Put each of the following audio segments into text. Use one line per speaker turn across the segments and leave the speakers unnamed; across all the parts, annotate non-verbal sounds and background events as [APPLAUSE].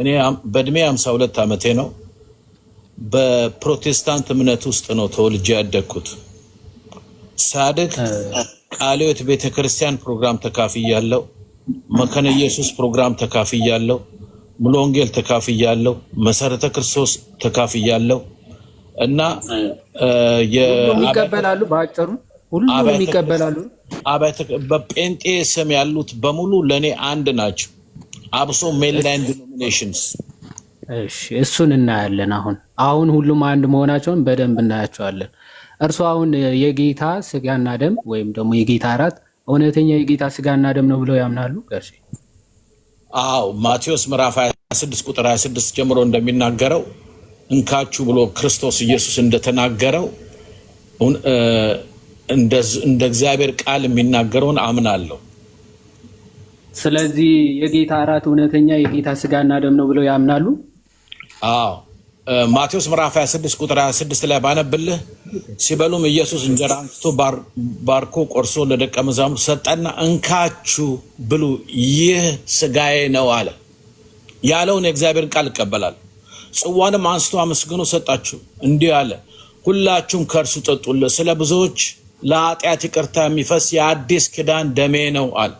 እኔ በእድሜ 52 ዓመቴ ነው። በፕሮቴስታንት እምነት ውስጥ ነው ተወልጄ ያደግኩት። ሳድግ ቃለ ሕይወት ቤተ ክርስቲያን ፕሮግራም ተካፍያለሁ። መከነ ኢየሱስ ፕሮግራም ተካፍያለሁ። ሙሉ ወንጌል ተካፍያለሁ። መሰረተ ክርስቶስ ተካፍያለሁ እና
ይቀበላሉ። በአጭሩ ሁሉም ይቀበላሉ።
በጴንጤ ስም ያሉት በሙሉ ለእኔ አንድ ናቸው። አብሶ ሜንላይን ዲኖሚኔሽንስ
እሱን እናያለን። አሁን አሁን ሁሉም አንድ መሆናቸውን በደንብ እናያቸዋለን። እርሱ አሁን የጌታ ስጋና ደም ወይም ደግሞ የጌታ እራት እውነተኛ የጌታ ስጋና ደም ነው ብለው ያምናሉ? ጋሼ
አዎ፣ ማቴዎስ ምዕራፍ 26 ቁጥር 26 ጀምሮ እንደሚናገረው እንካችሁ ብሎ ክርስቶስ ኢየሱስ እንደተናገረው እንደ እግዚአብሔር ቃል የሚናገረውን አምናለሁ።
ስለዚህ የጌታ እራት እውነተኛ የጌታ ስጋና ደም ነው ብለው ያምናሉ?
አዎ ማቴዎስ ምዕራፍ 26 ቁጥር 26 ላይ ባነብልህ፣ ሲበሉም ኢየሱስ እንጀራ አንስቶ ባርኮ ቆርሶ ለደቀ መዛሙርት ሰጠና እንካችሁ ብሉ፣ ይህ ስጋዬ ነው አለ። ያለውን የእግዚአብሔርን ቃል ይቀበላል። ጽዋንም አንስቶ አመስግኖ ሰጣችሁ፣ እንዲህ አለ፣ ሁላችሁም ከእርሱ ጠጡለት፣ ስለ ብዙዎች ለኃጢአት ይቅርታ የሚፈስ የአዲስ ኪዳን ደሜ ነው አለ።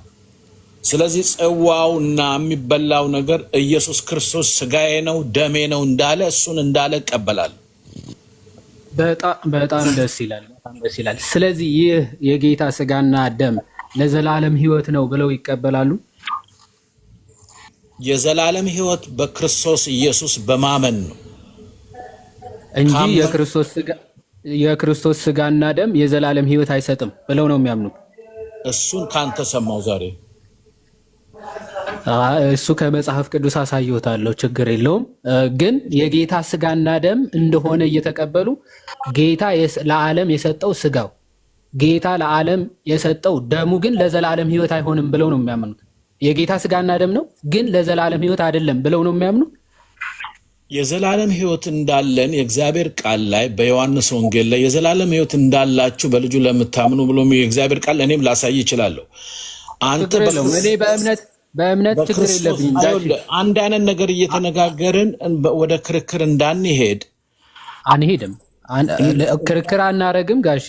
ስለዚህ ጽዋውና የሚበላው ነገር ኢየሱስ ክርስቶስ ስጋዬ ነው ደሜ ነው እንዳለ እሱን እንዳለ እቀበላለሁ።
በጣም ደስ ይላል፣ በጣም ደስ ይላል። ስለዚህ ይህ የጌታ ስጋና ደም ለዘላለም ህይወት ነው ብለው ይቀበላሉ።
የዘላለም ህይወት በክርስቶስ ኢየሱስ በማመን ነው
እንጂ የክርስቶስ ስጋና ደም የዘላለም ህይወት አይሰጥም ብለው ነው የሚያምኑ
እሱን ካንተ ሰማው ዛሬ
እሱ ከመጽሐፍ ቅዱስ አሳየታለው ችግር የለውም። ግን የጌታ ስጋና ደም እንደሆነ እየተቀበሉ ጌታ ለዓለም የሰጠው ስጋው፣ ጌታ ለዓለም የሰጠው ደሙ ግን ለዘላለም ሕይወት አይሆንም ብለው ነው የሚያምኑት። የጌታ ስጋና ደም ነው፣ ግን ለዘላለም ሕይወት አይደለም ብለው ነው የሚያምኑት።
የዘላለም ሕይወት እንዳለን የእግዚአብሔር ቃል ላይ በዮሐንስ ወንጌል ላይ የዘላለም ሕይወት እንዳላችሁ በልጁ ለምታምኑ ብሎ የእግዚአብሔር ቃል እኔም ላሳይ ይችላለሁ። አንተ እኔ በእምነት
በእምነት ችግር የለብኝም።
አንድ አይነት ነገር እየተነጋገርን ወደ ክርክር እንዳንሄድ
አንሄድም። ክርክር አናረግም ጋሺ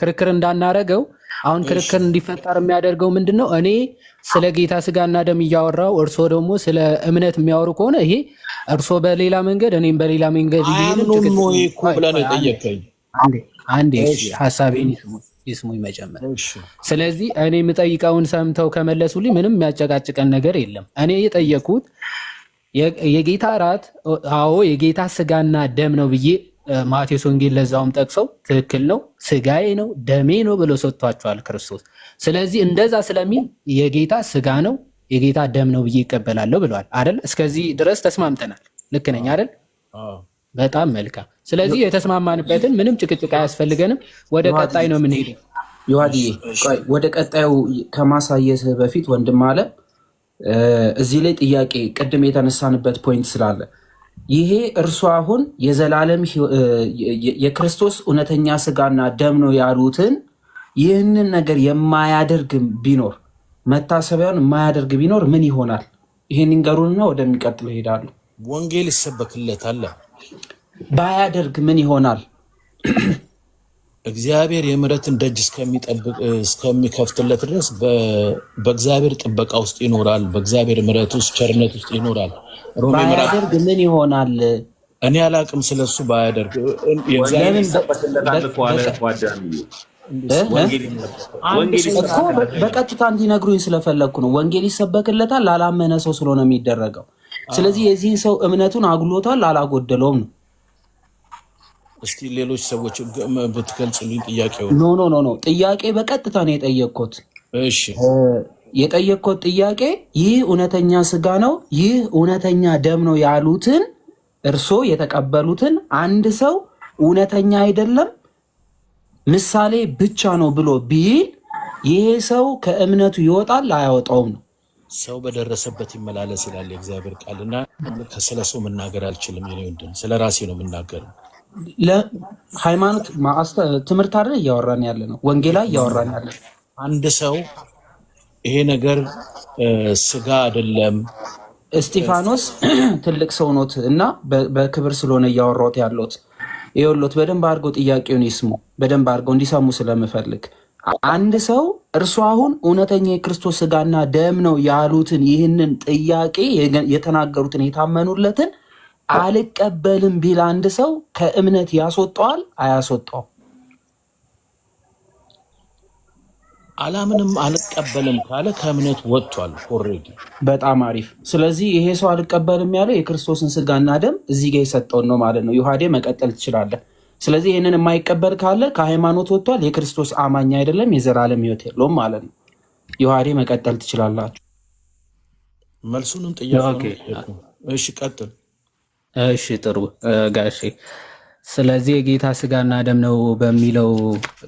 ክርክር እንዳናረገው። አሁን ክርክር እንዲፈጠር የሚያደርገው ምንድን ነው? እኔ ስለ ጌታ ስጋና ደም እያወራው እርሶ ደግሞ ስለ እምነት የሚያወሩ ከሆነ ይሄ እርሶ በሌላ መንገድ እኔም በሌላ መንገድ
ብለን የጠየቀኝ
አንዴ ሀሳቤን ይስሙት። ይስሙኝ መጀመር። ስለዚህ እኔ የምጠይቀውን ሰምተው ከመለሱልኝ ምንም የሚያጨቃጭቀን ነገር የለም። እኔ የጠየኩት የጌታ እራት አዎ የጌታ ስጋና ደም ነው ብዬ ማቴዎስ ወንጌል ለዛውም ጠቅሰው ትክክል ነው ስጋዬ ነው ደሜ ነው ብሎ ሰጥቷቸዋል ክርስቶስ። ስለዚህ እንደዛ ስለሚል የጌታ ስጋ ነው የጌታ ደም ነው ብዬ ይቀበላለሁ ብለዋል አይደል? እስከዚህ ድረስ ተስማምተናል። ልክ ነኝ አይደል? በጣም መልካም። ስለዚህ የተስማማንበትን ምንም ጭቅጭቅ አያስፈልገንም። ወደ ቀጣይ ነው የምንሄደው።
ዮሐድዬ ወደ ቀጣዩ ከማሳየት በፊት ወንድም አለ እዚህ ላይ ጥያቄ ቅድም የተነሳንበት ፖይንት ስላለ ይሄ እርሱ አሁን የዘላለም የክርስቶስ እውነተኛ ስጋና ደም ነው ያሉትን ይህንን ነገር የማያደርግ ቢኖር መታሰቢያውን የማያደርግ ቢኖር ምን ይሆናል? ይሄን ንገሩንና ወደሚቀጥለው ይሄዳሉ።
ወንጌል ይሰበክለታል።
ባያደርግ ምን ይሆናል?
እግዚአብሔር የምሕረትን ደጅ እስከሚጠብቅ እስከሚከፍትለት ድረስ በእግዚአብሔር ጥበቃ ውስጥ ይኖራል። በእግዚአብሔር ምሕረት ውስጥ ቸርነት ውስጥ ይኖራል።
ባያደርግ ምን ይሆናል?
እኔ አላቅም ስለሱ። ባያደርግ
በቀጥታ እንዲነግሩኝ ስለፈለግኩ ነው። ወንጌል ይሰበክለታል። ላላመነ ሰው ስለሆነ የሚደረገው ስለዚህ የዚህን ሰው እምነቱን አጉሎታል አላጎደለውም ነው።
እስቲ ሌሎች ሰዎች ብትገልጽልኝ ጥያቄ
ኖ ኖ ኖ ኖ ጥያቄ በቀጥታ ነው የጠየቅኩት። እሺ የጠየቅኩት ጥያቄ ይህ እውነተኛ ስጋ ነው፣ ይህ እውነተኛ ደም ነው ያሉትን እርሶ የተቀበሉትን አንድ ሰው እውነተኛ አይደለም ምሳሌ ብቻ ነው ብሎ ቢል ይሄ ሰው ከእምነቱ ይወጣል አያወጣውም ነው?
ሰው በደረሰበት ይመላለስ ይላል የእግዚአብሔር ቃል እና ስለ ሰው መናገር አልችልም። የኔ ወንድም ስለ ራሴ ነው የምናገር።
ሃይማኖት ትምህርት አለ እያወራን ያለ ነው፣ ወንጌላ እያወራን ያለ
አንድ ሰው ይሄ ነገር ስጋ አይደለም።
እስጢፋኖስ [CLEARS THROAT] ትልቅ ሰው ኖት እና በክብር ስለሆነ እያወራሁት ያለሁት ይኸውልዎት፣ በደንብ አድርገው ጥያቄውን ይስሙ፣ በደንብ አድርገው እንዲሰሙ ስለምፈልግ አንድ ሰው እርሱ አሁን እውነተኛ የክርስቶስ ስጋና ደም ነው ያሉትን ይህንን ጥያቄ የተናገሩትን የታመኑለትን አልቀበልም ቢል አንድ ሰው ከእምነት ያስወጣዋል? አያስወጣው?
አላምንም አልቀበልም ካለ ከእምነት ወጥቷል ኦልሬዲ።
በጣም አሪፍ። ስለዚህ ይሄ ሰው አልቀበልም ያለው የክርስቶስን ስጋና ደም እዚህ ጋር የሰጠውን ነው ማለት ነው። ዮሐዴ መቀጠል ትችላለን። ስለዚህ ይህንን የማይቀበል ካለ ከሃይማኖት ወጥቷል፣ የክርስቶስ አማኝ አይደለም፣ የዘላለም ይወት የለውም ማለት ነው። ዮሐሪ መቀጠል ትችላላችሁ።
መልሱንም ጥያቄ እሺ፣ ቀጥል።
እሺ፣ ጥሩ ጋሺ። ስለዚህ የጌታ ስጋና ደም ነው በሚለው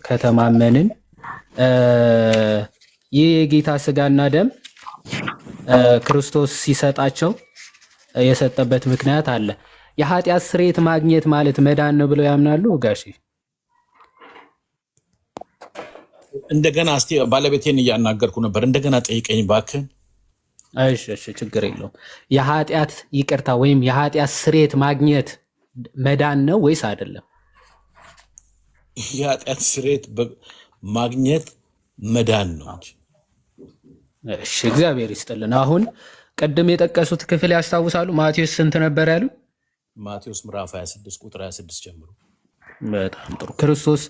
ከተማመንን ይህ የጌታ ስጋና ደም ክርስቶስ ሲሰጣቸው የሰጠበት ምክንያት አለ። የኃጢአት ስርየት ማግኘት ማለት መዳን ነው ብለው ያምናሉ? ጋሺ
እንደገና እስቲ ባለቤቴን እያናገርኩ ነበር። እንደገና ጠይቀኝ እባክህን።
እሺ እሺ፣ ችግር የለውም። የኃጢአት ይቅርታ ወይም የኃጢአት ስርየት ማግኘት መዳን ነው ወይስ አይደለም?
የኃጢአት ስርየት ማግኘት መዳን ነው
እሺ፣ እግዚአብሔር ይስጥልን። አሁን ቅድም የጠቀሱት ክፍል ያስታውሳሉ? ማቴዎስ ስንት ነበር ያሉ?
ማቴዎስ ምዕራፍ 26 ቁጥር 26 ጀምሮ።
በጣም ጥሩ። ክርስቶስ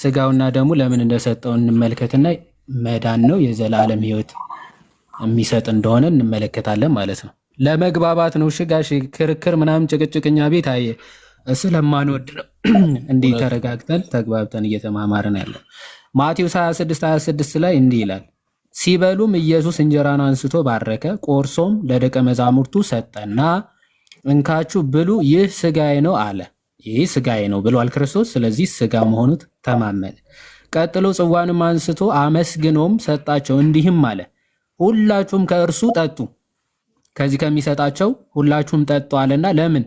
ስጋውና ደሙ ለምን እንደሰጠው እንመልከትና መዳን ነው የዘላለም ህይወት የሚሰጥ እንደሆነ እንመለከታለን ማለት ነው። ለመግባባት ነው። ሽጋሽ ክርክር ምናምን ጭቅጭቅኛ ቤት አየ ስለማንወድ ነው። እንዲህ ተረጋግተን ተግባብተን እየተማማርን ያለን። ማቴዎስ 26 26 ላይ እንዲህ ይላል ሲበሉም ኢየሱስ እንጀራን አንስቶ ባረከ፣ ቆርሶም ለደቀ መዛሙርቱ ሰጠና እንካችሁ ብሉ፣ ይህ ስጋዬ ነው አለ። ይህ ስጋዬ ነው ብሏል ክርስቶስ። ስለዚህ ስጋ መሆኑ ተማመን። ቀጥሎ ጽዋንም አንስቶ አመስግኖም ሰጣቸው፣ እንዲህም አለ፣ ሁላችሁም ከእርሱ ጠጡ፣ ከዚህ ከሚሰጣቸው ሁላችሁም ጠጡ አለና ለምን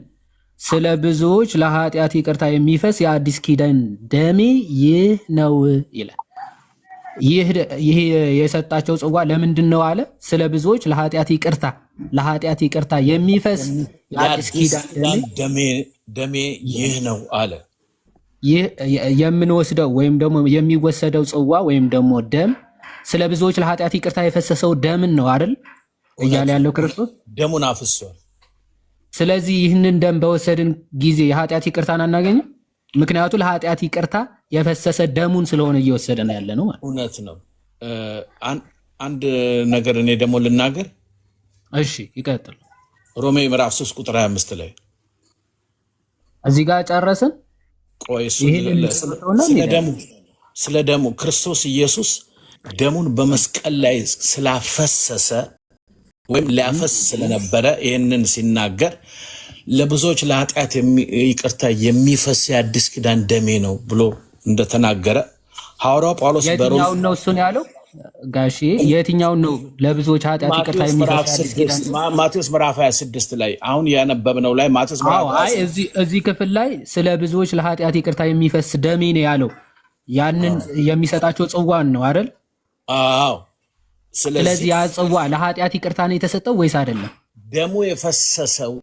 ስለ ብዙዎች ለኃጢአት ይቅርታ የሚፈስ የአዲስ ኪዳን ደሜ ይህ ነው ይላል። ይህ የሰጣቸው ጽዋ ለምንድን ነው አለ። ስለ ብዙዎች ለኃጢአት ይቅርታ ለኃጢአት ይቅርታ የሚፈስ
የአዲስ ኪዳን ደሜ ይህ ነው አለ።
ይህ የምንወስደው ወይም ደግሞ የሚወሰደው ጽዋ ወይም ደግሞ ደም ስለ ብዙዎች ለኃጢአት ይቅርታ የፈሰሰው ደምን ነው አይደል እያለ ያለው ክርስቶስ
ደሙን አፍሷል።
ስለዚህ ይህንን ደም በወሰድን ጊዜ የኃጢአት ይቅርታን አናገኝም። ምክንያቱ ለኃጢአት ይቅርታ የፈሰሰ ደሙን ስለሆነ እየወሰደን ያለ ነው ማለት
እውነት ነው። አንድ ነገር እኔ ደግሞ ልናገር
እሺ ይቀጥል።
ሮሜ ምዕራፍ 3 ቁጥር 25 ላይ
እዚህ ጋር ጨረስን።
ቆይ ስለ ደሙ ክርስቶስ ኢየሱስ ደሙን በመስቀል ላይ ስላፈሰሰ ወይም ሊያፈስ ስለነበረ ይህንን ሲናገር ለብዙዎች ለኃጢአት ይቅርታ የሚፈስ የአዲስ ኪዳን ደሜ ነው ብሎ እንደተናገረ ሐዋርያው ጳውሎስ
ነው እሱን ያለው ጋሼ የትኛውን ነው ለብዙዎች ኃጢአት ይቅርታ
ማቴዎስ ምዕራፍ 26 ላይ አሁን ያነበብነው ላይ ማቴዎስ
እዚህ ክፍል ላይ ስለ ብዙዎች ለኃጢአት ይቅርታ የሚፈስ ደሜ ነው ያለው። ያንን የሚሰጣቸው ጽዋን ነው አይደል? አዎ። ስለዚህ ያ ጽዋ ለኃጢአት ይቅርታ ነው የተሰጠው ወይስ አይደለም?
ደሙ የፈሰሰው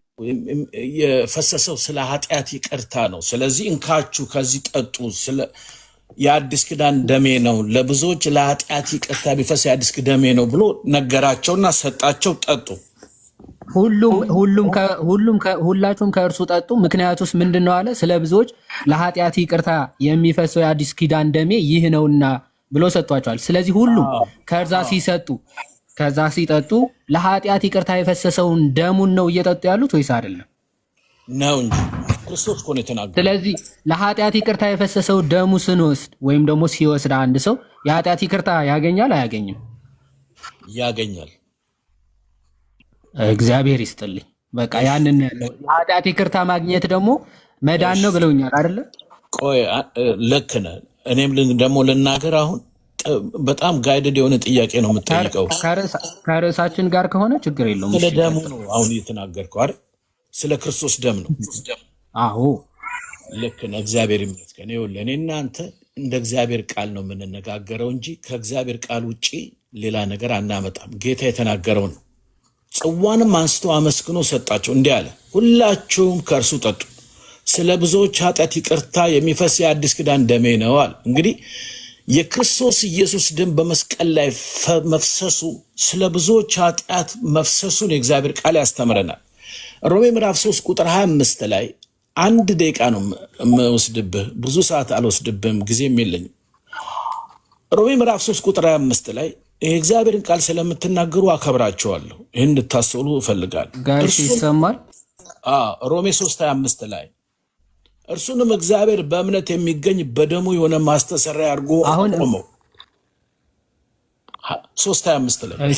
የፈሰሰው ስለ ኃጢአት ይቅርታ ነው። ስለዚህ እንካችሁ ከዚህ ጠጡ የአዲስ ክዳን ደሜ ነው፣ ለብዙዎች ለኃጢአት ይቅርታ ቢፈስ የአዲስ ደሜ ነው ብሎ ነገራቸውና ሰጣቸው፣ ጠጡ።
ሁላችሁም ከእርሱ ጠጡ። ምክንያቱስ ምንድን ነው አለ? ስለ ብዙዎች ለኃጢአት ይቅርታ የሚፈሰው የአዲስ ኪዳን ደሜ ይህ ነውና ብሎ ሰጥቷቸዋል። ስለዚህ ሁሉም ከዛ ሲሰጡ ከዛ ሲጠጡ ለኃጢአት ይቅርታ የፈሰሰውን ደሙን ነው እየጠጡ ያሉት ወይስ አይደለም?
ነው እንጂ ክርስቶስ እኮ ነው የተናገረው።
ስለዚህ ለኃጢአት ይቅርታ የፈሰሰው ደሙ ስንወስድ ወይም ደግሞ ሲወስድ አንድ ሰው የኃጢአት ይቅርታ ያገኛል አያገኝም? ያገኛል። እግዚአብሔር ይስጥልኝ። በቃ ያንን ያለው የኃጢአት ይቅርታ ማግኘት ደግሞ መዳን ነው ብለውኛል አይደለ?
ቆይ ልክ ነህ። እኔም ደግሞ ልናገር አሁን በጣም ጋይደድ የሆነ ጥያቄ ነው የምጠይቀው።
ከርዕሳችን ጋር ከሆነ ችግር የለውም።
ስለ ደሙ ነው አሁን እየተናገርከው አይደል? ስለ ክርስቶስ ደም ነው። አዎ ልክ ነህ። እግዚአብሔር ይመስገን። ይኸውልህ እኔ እናንተ እንደ እግዚአብሔር ቃል ነው የምንነጋገረው እንጂ ከእግዚአብሔር ቃል ውጭ ሌላ ነገር አናመጣም። ጌታ የተናገረው ነው። ጽዋንም አንስቶ አመስግኖ ሰጣቸው፣ እንዲህ አለ፣ ሁላችሁም ከእርሱ ጠጡ፣ ስለ ብዙዎች ኃጢአት ይቅርታ የሚፈስ የአዲስ ኪዳን ደሜ ነዋል። እንግዲህ የክርስቶስ ኢየሱስ ደም በመስቀል ላይ መፍሰሱ ስለ ብዙዎች ኃጢአት መፍሰሱን የእግዚአብሔር ቃል ያስተምረናል። ሮሜ ምዕራፍ 3 ቁጥር 25 ላይ አንድ ደቂቃ ነው የምወስድብህ። ብዙ ሰዓት አልወስድብህም፣ ጊዜም የለኝም። ሮሜ ምዕራፍ ሶስት ቁጥር ሃያ አምስት ላይ የእግዚአብሔርን ቃል ስለምትናገሩ አከብራቸዋለሁ። ይህን እንድታስሉ እፈልጋለሁ።
ጋሽ ይሰማል።
ሮሜ ሶስት ሃያ አምስት ላይ እርሱንም እግዚአብሔር በእምነት የሚገኝ በደሙ የሆነ ማስተሰሪያ አድርጎ አቆመው። ሶስት ሃያ አምስት ላይ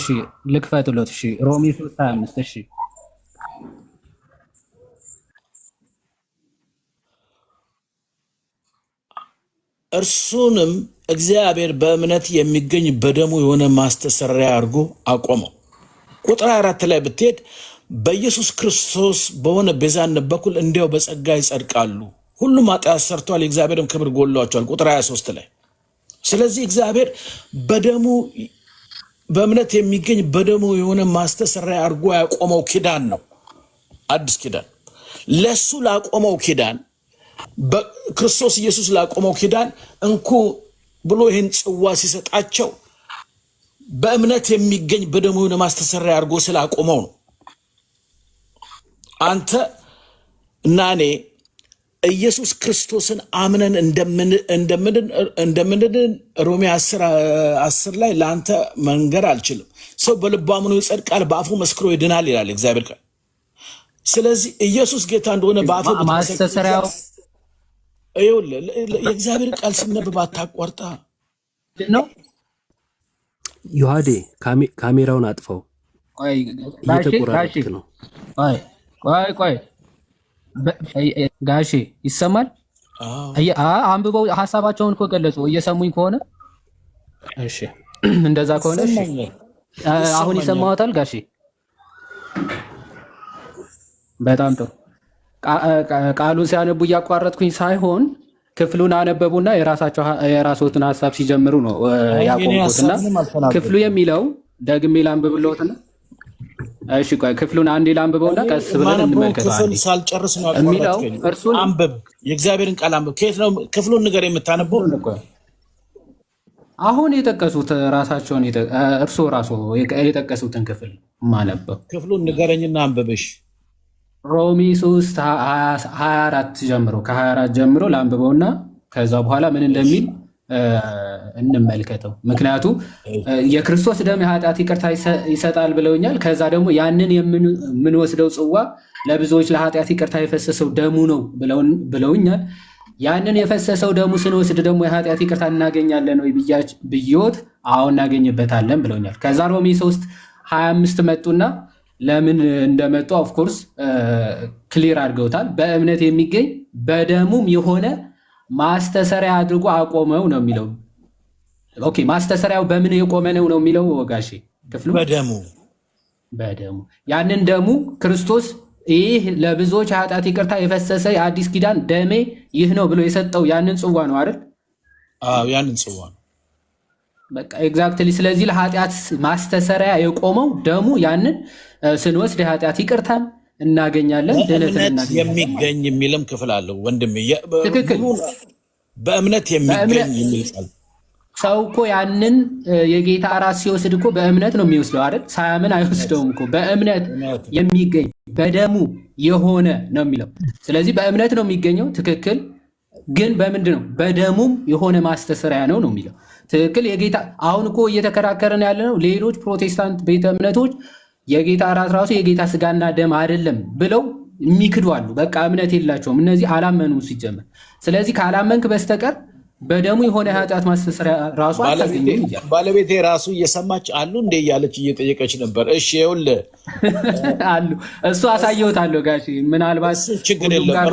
ልክፈትሎት ሮሜ ሶስት ሃያ አምስት
እርሱንም እግዚአብሔር በእምነት የሚገኝ በደሙ የሆነ ማስተሰሪያ አድርጎ አቆመው። ቁጥር አራት ላይ ብትሄድ በኢየሱስ ክርስቶስ በሆነ ቤዛነት በኩል እንዲያው በጸጋ ይጸድቃሉ። ሁሉም ኃጢአት ሰርተዋል፣ የእግዚአብሔርም ክብር ጎሏቸዋል። ቁጥር 23 ላይ ስለዚህ እግዚአብሔር በደሙ በእምነት የሚገኝ በደሙ የሆነ ማስተሰሪያ አድርጎ ያቆመው ኪዳን ነው። አዲስ ኪዳን ለሱ ላቆመው ኪዳን በክርስቶስ ኢየሱስ ላቆመው ኪዳን እንኩ ብሎ ይህን ጽዋ ሲሰጣቸው በእምነት የሚገኝ በደሙ የሆነ ማስተሰሪያ አድርጎ ስላቆመው ነው። አንተ እና እኔ ኢየሱስ ክርስቶስን አምነን እንደምንድን ሮሜ አስር ላይ ለአንተ መንገር አልችልም። ሰው በልቡ አምኖ ይጸድቃል፣ በአፉ መስክሮ ይድናል ይላል እግዚአብሔር ቃል። ስለዚህ ኢየሱስ ጌታ እንደሆነ በአፉ የእግዚአብሔር ቃል ሲነበብ አታቋርጣ
ነው። ዮሐዴ ካሜራውን አጥፈው፣ እየተቆራረጥክ ነው።
ቆይ ቆይ
ጋሼ ይሰማል። አንብበው፣ ሀሳባቸውን እኮ ገለጹ። እየሰሙኝ ከሆነ እሺ፣ [CLEARS THROAT] እንደዛ ከሆነ አሁን ይሰማዎታል ጋሼ? በጣም ጥሩ ቃሉን ሲያነቡ እያቋረጥኩኝ ሳይሆን ክፍሉን አነበቡና የራስዎትን ሀሳብ ሲጀምሩ ነው ያቆምኩትና ክፍሉ የሚለው ደግሜ ላንብብልዎትና እሺ ቆይ ክፍሉን አንዴ ላንብበውና
ቀስ ብለን እንመልከተዋለን። ሳልጨርስ ነው የሚለው እርሱን አንብብ፣ የእግዚአብሔርን ቃል አንብብ። ከየት ነው ክፍሉን ንገር የምታነበው?
አሁን የጠቀሱት ራሳቸውን እርሶ ራሱ የጠቀሱትን ክፍል ማነበብ።
ክፍሉን ንገረኝና አንብብሽ
ሮሚ 3 24 ጀምሮ ከ24 ጀምሮ ላንብበውና ከዛ በኋላ ምን እንደሚል እንመልከተው። ምክንያቱ የክርስቶስ ደም የኃጢአት ይቅርታ ይሰጣል ብለውኛል። ከዛ ደግሞ ያንን የምንወስደው ጽዋ ለብዙዎች ለኃጢአት ይቅርታ የፈሰሰው ደሙ ነው ብለውኛል። ያንን የፈሰሰው ደሙ ስንወስድ ደግሞ የኃጢአት ይቅርታ እናገኛለን ወይ ብያች ብዮት፣ አዎ እናገኝበታለን ብለውኛል። ከዛ ሮሚ 3 25 መጡና ለምን እንደመጡ ኦፍኮርስ ክሊር አድርገውታል። በእምነት የሚገኝ በደሙም የሆነ ማስተሰሪያ አድርጎ አቆመው ነው የሚለው። ኦኬ ማስተሰሪያው በምን የቆመ ነው ነው የሚለው ወጋሼ ክፍሉ በደሙ በደሙ ያንን ደሙ ክርስቶስ ይህ ለብዙዎች ኃጢአት ይቅርታ የፈሰሰ የአዲስ ኪዳን ደሜ ይህ ነው ብሎ የሰጠው ያንን ጽዋ ነው አይደል?
ያንን ጽዋ ነው
በቃ ኤግዛክትሊ። ስለዚህ ለኃጢአት ማስተሰሪያ የቆመው ደሙ፣ ያንን ስንወስድ የኃጢአት ይቅርታን እናገኛለን፣
ድህነትን የሚገኝ የሚልም ክፍል አለው ወንድም። ትክክል። በእምነት የሚገኝ የሚል
ሰው እኮ ያንን የጌታ እራት ሲወስድ እኮ በእምነት ነው የሚወስደው አይደል? ሳያምን አይወስደውም እኮ በእምነት የሚገኝ በደሙ የሆነ ነው የሚለው። ስለዚህ በእምነት ነው የሚገኘው። ትክክል። ግን በምንድን ነው? በደሙም የሆነ ማስተሰሪያ ነው ነው የሚለው ትክክል የጌታ አሁን እኮ እየተከራከረን ያለ ነው። ሌሎች ፕሮቴስታንት ቤተ እምነቶች የጌታ ራት ራሱ የጌታ ስጋና ደም አይደለም ብለው የሚክዱ አሉ። በቃ እምነት የላቸውም። እነዚህ አላመኑ ሲጀመር። ስለዚህ ካላመንክ በስተቀር በደሙ የሆነ ኃጢአት ማስተሰሪያ ራሱ
ባለቤቴ ራሱ እየሰማች አሉ እንደ እያለች እየጠየቀች ነበር። እሺ ይኸውልህ
[LAUGHS] አሉ እሱ አሳየውታለሁ ጋሽ ምናልባት
ችግር የለም።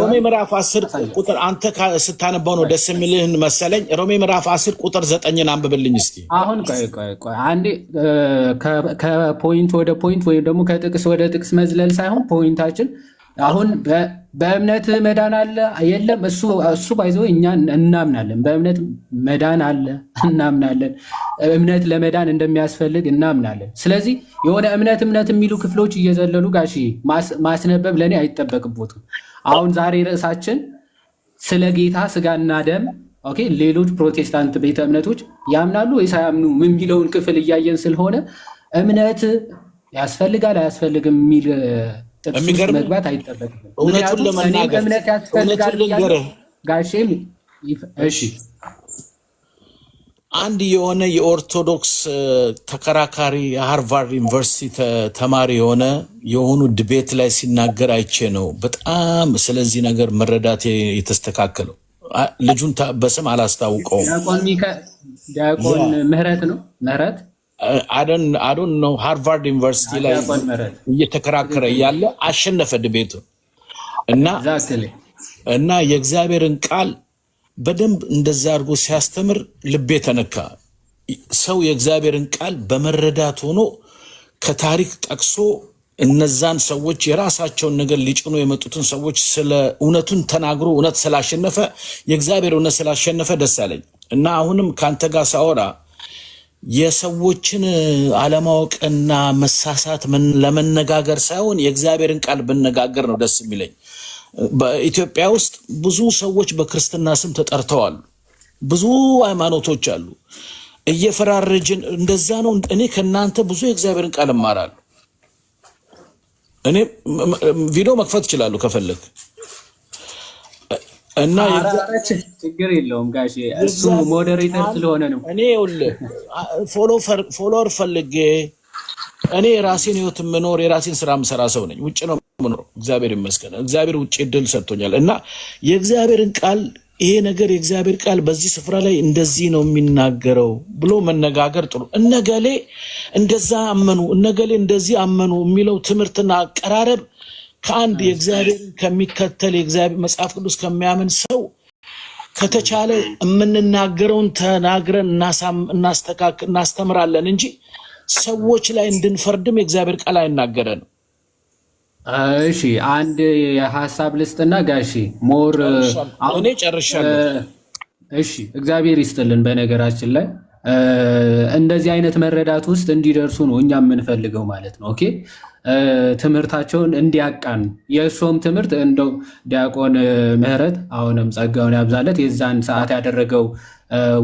ሮሜ ምዕራፍ አስር ቁጥር አንተ ስታነባው ነው ደስ የሚልህን መሰለኝ። ሮሜ ምዕራፍ አስር ቁጥር ዘጠኝን አንብብልኝ እስኪ።
አሁን አንዴ ከፖይንት ወደ ፖይንት ወይም ደግሞ ከጥቅስ ወደ ጥቅስ መዝለል ሳይሆን ፖይንታችን አሁን በእምነት መዳን አለ የለም። እሱ ባይዘ እኛ እናምናለን። በእምነት መዳን አለ እናምናለን። እምነት ለመዳን እንደሚያስፈልግ እናምናለን። ስለዚህ የሆነ እምነት እምነት የሚሉ ክፍሎች እየዘለሉ ጋሺ ማስነበብ ለእኔ አይጠበቅቦትም። አሁን ዛሬ ርዕሳችን ስለ ጌታ ስጋና ደም ኦኬ፣ ሌሎች ፕሮቴስታንት ቤተ እምነቶች ያምናሉ ወይ ሳያምኑ የሚለውን ክፍል እያየን ስለሆነ እምነት ያስፈልጋል አያስፈልግም የሚል መግባት
አይጠበቅም። እውነቱን እምነት
ያስፈልጋል። ጋሼም እሺ፣
አንድ የሆነ የኦርቶዶክስ ተከራካሪ የሃርቫርድ ዩኒቨርሲቲ ተማሪ የሆነ የሆኑ ድቤት ላይ ሲናገር አይቼ ነው በጣም ስለዚህ ነገር መረዳት የተስተካከለው። ልጁን በስም አላስታውቀውም።
ዲያቆን ምህረት ነው ምህረት
አዶ ነው ሃርቫርድ ዩኒቨርሲቲ ላይ እየተከራከረ እያለ አሸነፈ ድቤቱ እና እና የእግዚአብሔርን ቃል በደንብ እንደዛ አድርጎ ሲያስተምር ልቤ ተነካ። ሰው የእግዚአብሔርን ቃል በመረዳት ሆኖ ከታሪክ ጠቅሶ እነዛን ሰዎች የራሳቸውን ነገር ሊጭኑ የመጡትን ሰዎች ስለ እውነቱን ተናግሮ እውነት ስላሸነፈ የእግዚአብሔር እውነት ስላሸነፈ ደስ አለኝ እና አሁንም ከአንተ ጋር ሳወራ የሰዎችን አለማወቅና መሳሳት ለመነጋገር ሳይሆን የእግዚአብሔርን ቃል ብነጋገር ነው ደስ የሚለኝ። በኢትዮጵያ ውስጥ ብዙ ሰዎች በክርስትና ስም ተጠርተዋል። ብዙ ሃይማኖቶች አሉ። እየፈራረጅን እንደዛ ነው። እኔ ከእናንተ ብዙ የእግዚአብሔርን ቃል እማራለሁ። እኔ ቪዲዮ መክፈት እችላለሁ ከፈለግ
እና ችግር የለውም ጋሼ፣ እሱ ሞዴሬተር ስለሆነ ነው።
እኔ ይኸውልህ ፎሎወር ፈልጌ እኔ የራሴን ህይወት የምኖር የራሴን ስራ የምሰራ ሰው ነኝ። ውጭ ነው የምኖረው፣ እግዚአብሔር ይመስገን። እግዚአብሔር ውጭ እድል ሰጥቶኛል እና የእግዚአብሔርን ቃል ይሄ ነገር የእግዚአብሔር ቃል በዚህ ስፍራ ላይ እንደዚህ ነው የሚናገረው ብሎ መነጋገር ጥሩ። እነገሌ እንደዛ አመኑ፣ እነገሌ እንደዚህ አመኑ የሚለው ትምህርትና አቀራረብ ከአንድ የእግዚአብሔርን ከሚከተል የእግዚአብሔር መጽሐፍ ቅዱስ ከሚያምን ሰው ከተቻለ የምንናገረውን ተናግረን እናስተምራለን እንጂ ሰዎች ላይ እንድንፈርድም የእግዚአብሔር ቃል አይናገረንም።
እሺ አንድ ሀሳብ ልስጥና ጋሺ ሞር
እኔ ጨርሻለሁ።
እሺ እግዚአብሔር ይስጥልን በነገራችን ላይ እንደዚህ አይነት መረዳት ውስጥ እንዲደርሱ ነው እኛ የምንፈልገው ማለት ነው። ኦኬ ትምህርታቸውን እንዲያቃን የእሶም ትምህርት እንደው ዲያቆን ምህረት አሁንም ጸጋውን ያብዛለት የዛን ሰዓት ያደረገው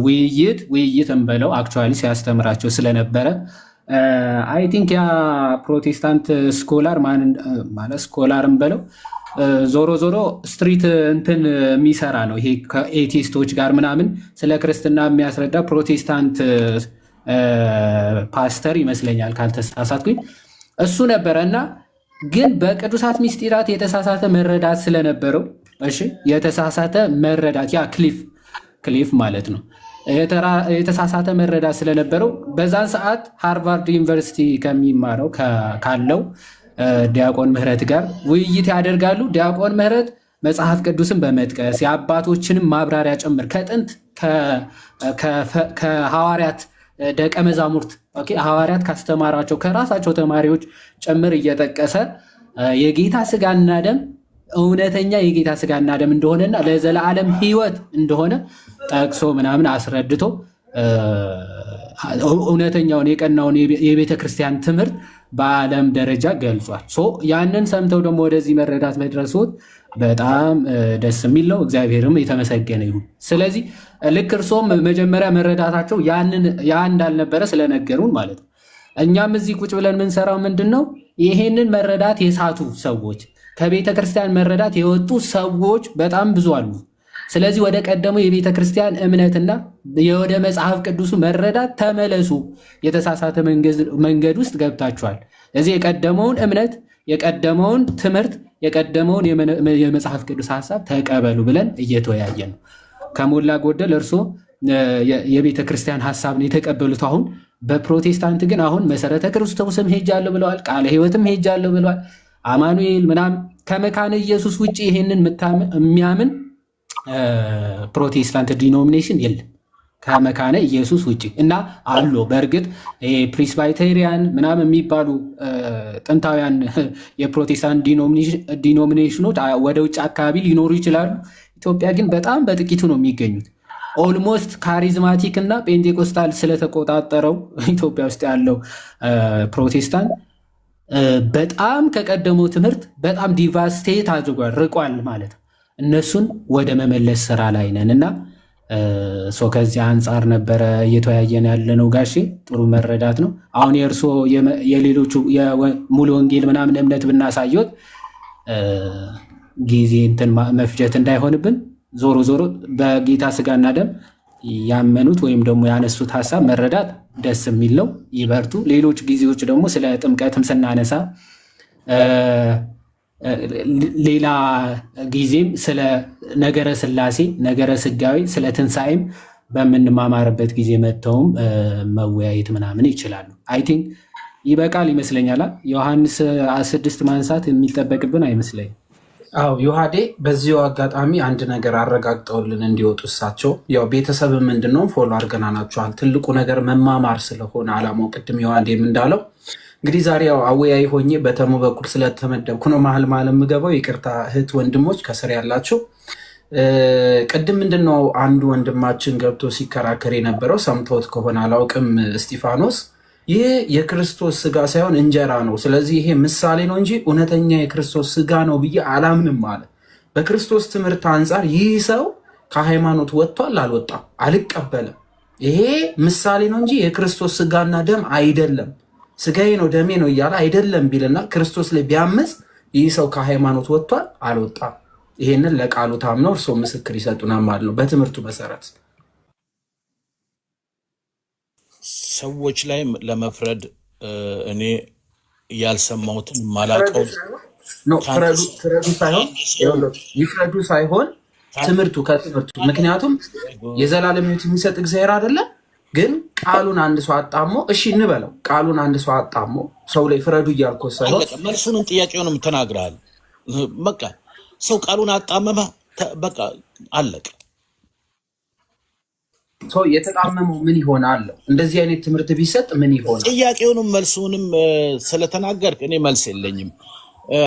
ውይይት ውይይት እንበለው አክቹዋሊ ሲያስተምራቸው ስለነበረ አይ ቲንክ ያ ፕሮቴስታንት ስኮላር ማለት ስኮላር እንበለው ዞሮ ዞሮ ስትሪት እንትን የሚሰራ ነው። ይሄ ከኤቲስቶች ጋር ምናምን ስለ ክርስትና የሚያስረዳ ፕሮቴስታንት ፓስተር ይመስለኛል ካልተሳሳትኩኝ እሱ ነበረ እና ግን በቅዱሳት ሚስጢራት የተሳሳተ መረዳት ስለነበረው እሺ፣ የተሳሳተ መረዳት ያ ክሊፍ ክሊፍ ማለት ነው። የተሳሳተ መረዳት ስለነበረው በዛን ሰዓት ሃርቫርድ ዩኒቨርሲቲ ከሚማረው ካለው ዲያቆን ምህረት ጋር ውይይት ያደርጋሉ። ዲያቆን ምህረት መጽሐፍ ቅዱስን በመጥቀስ የአባቶችንም ማብራሪያ ጭምር ከጥንት ከሐዋርያት ደቀ መዛሙርት ሐዋርያት ካስተማራቸው ከራሳቸው ተማሪዎች ጭምር እየጠቀሰ የጌታ ስጋና ደም እውነተኛ የጌታ ስጋና ደም እንደሆነና ለዘለዓለም ሕይወት እንደሆነ ጠቅሶ ምናምን አስረድቶ እውነተኛውን የቀናውን የቤተ ክርስቲያን ትምህርት በዓለም ደረጃ ገልጿል። ያንን ሰምተው ደግሞ ወደዚህ መረዳት መድረሶት በጣም ደስ የሚል ነው። እግዚአብሔርም የተመሰገነ ይሁን። ስለዚህ ልክ እርሶም መጀመሪያ መረዳታቸው ያ እንዳልነበረ ስለነገሩን ማለት ነው። እኛም እዚህ ቁጭ ብለን የምንሰራው ምንድን ነው? ይሄንን መረዳት የሳቱ ሰዎች፣ ከቤተ ክርስቲያን መረዳት የወጡ ሰዎች በጣም ብዙ አሉ። ስለዚህ ወደ ቀደመው የቤተ ክርስቲያን እምነትና የወደ መጽሐፍ ቅዱሱ መረዳት ተመለሱ። የተሳሳተ መንገድ ውስጥ ገብታችኋል። ስለዚህ የቀደመውን እምነት፣ የቀደመውን ትምህርት፣ የቀደመውን የመጽሐፍ ቅዱስ ሀሳብ ተቀበሉ ብለን እየተወያየ ነው። ከሞላ ጎደል እርሶ የቤተ ክርስቲያን ሀሳብ ነው የተቀበሉት። አሁን በፕሮቴስታንት ግን አሁን መሰረተ ክርስቶስም ሄጃለሁ ብለዋል። ቃለ ህይወትም ሄጃለሁ ብለዋል። አማኑኤል ምናምን ከመካነ ኢየሱስ ውጭ ይሄንን የሚያምን ፕሮቴስታንት ዲኖሚኔሽን የለም ከመካነ ኢየሱስ ውጭ እና አሉ። በእርግጥ ፕሪስባይቴሪያን ምናምን የሚባሉ ጥንታውያን [LAUGHS] የፕሮቴስታንት ዲኖሚኔሽኖች ወደ ውጭ አካባቢ ሊኖሩ ይችላሉ። ኢትዮጵያ ግን በጣም በጥቂቱ ነው የሚገኙት። ኦልሞስት ካሪዝማቲክ እና ጴንቴኮስታል ስለተቆጣጠረው [LAUGHS] ኢትዮጵያ ውስጥ ያለው ፕሮቴስታንት በጣም ከቀደመው ትምህርት በጣም ዲቫስቴት አድርጓል፣ ርቋል ማለት ነው። እነሱን ወደ መመለስ ስራ ላይ ነን እና ከዚህ አንጻር ነበረ እየተወያየን ያለነው። ጋሼ ጥሩ መረዳት ነው። አሁን የእርሶ የሌሎቹ ሙሉ ወንጌል ምናምን እምነት ብናሳየት ጊዜ እንትን መፍጀት እንዳይሆንብን ዞሮ ዞሮ በጌታ ስጋና ደም ያመኑት ወይም ደግሞ ያነሱት ሀሳብ መረዳት ደስ የሚል ነው። ይበርቱ። ሌሎች ጊዜዎች ደግሞ ስለ ጥምቀትም ስናነሳ ሌላ ጊዜም ስለ ነገረ ስላሴ ነገረ ስጋዊ ስለ ትንሣኤም በምንማማርበት ጊዜ መጥተውም መወያየት ምናምን ይችላሉ። አይ ቲንክ ይበቃል ይመስለኛል። ዮሐንስ ስድስት ማንሳት የሚጠበቅብን አይመስለኝም።
አዎ ዮሐዴ በዚሁ አጋጣሚ አንድ ነገር አረጋግጠውልን እንዲወጡ እሳቸው ያው ቤተሰብ ምንድነው ፎሎ አድርገናናችኋል። ትልቁ ነገር መማማር ስለሆነ አላማው ቅድም ዮሐዴም እንዳለው እንግዲህ ዛሬ ያው አወያይ ሆኜ በተሙ በኩል ስለተመደብኩ ነው መሀል መሀል የምገባው። ይቅርታ እህት ወንድሞች ከስር ያላችሁ። ቅድም ምንድነው አንዱ ወንድማችን ገብቶ ሲከራከር የነበረው ሰምቶት ከሆነ አላውቅም፣ እስጢፋኖስ ይህ የክርስቶስ ስጋ ሳይሆን እንጀራ ነው፣ ስለዚህ ይሄ ምሳሌ ነው እንጂ እውነተኛ የክርስቶስ ስጋ ነው ብዬ አላምንም አለ። በክርስቶስ ትምህርት አንጻር ይህ ሰው ከሃይማኖት ወጥቷል፣ አልወጣም፣ አልቀበልም። ይሄ ምሳሌ ነው እንጂ የክርስቶስ ስጋና ደም አይደለም። ስጋዬ ነው ደሜ ነው እያለ አይደለም ቢልና ክርስቶስ ላይ ቢያምፅ ይህ ሰው ከሃይማኖት ወጥቷል፣ አልወጣም። ይሄንን ለቃሉ ታምነው እርስዎ ምስክር ይሰጡናል ማለት ነው። በትምህርቱ መሰረት ሰዎች ላይ ለመፍረድ እኔ ያልሰማሁትን ማላቀው
ይፍረዱ ሳይሆን ትምህርቱ ከትምህርቱ ምክንያቱም የዘላለም ሕይወት የሚሰጥ እግዚአብሔር አይደለም ግን ቃሉን አንድ ሰው አጣሞ እሺ እንበለው። ቃሉን አንድ ሰው አጣሞ ሰው ላይ ፍረዱ እያልኩ ሳይሆን
መልሱንም ጥያቄውንም ተናግረሃል። በቃ ሰው ቃሉን አጣመመ፣ በቃ አለቀ።
ሰው የተጣመመው ምን አለው እንደዚህ አይነት ትምህርት ቢሰጥ ምን ይሆናል?
ጥያቄውንም መልሱንም ስለተናገርክ እኔ መልስ የለኝም።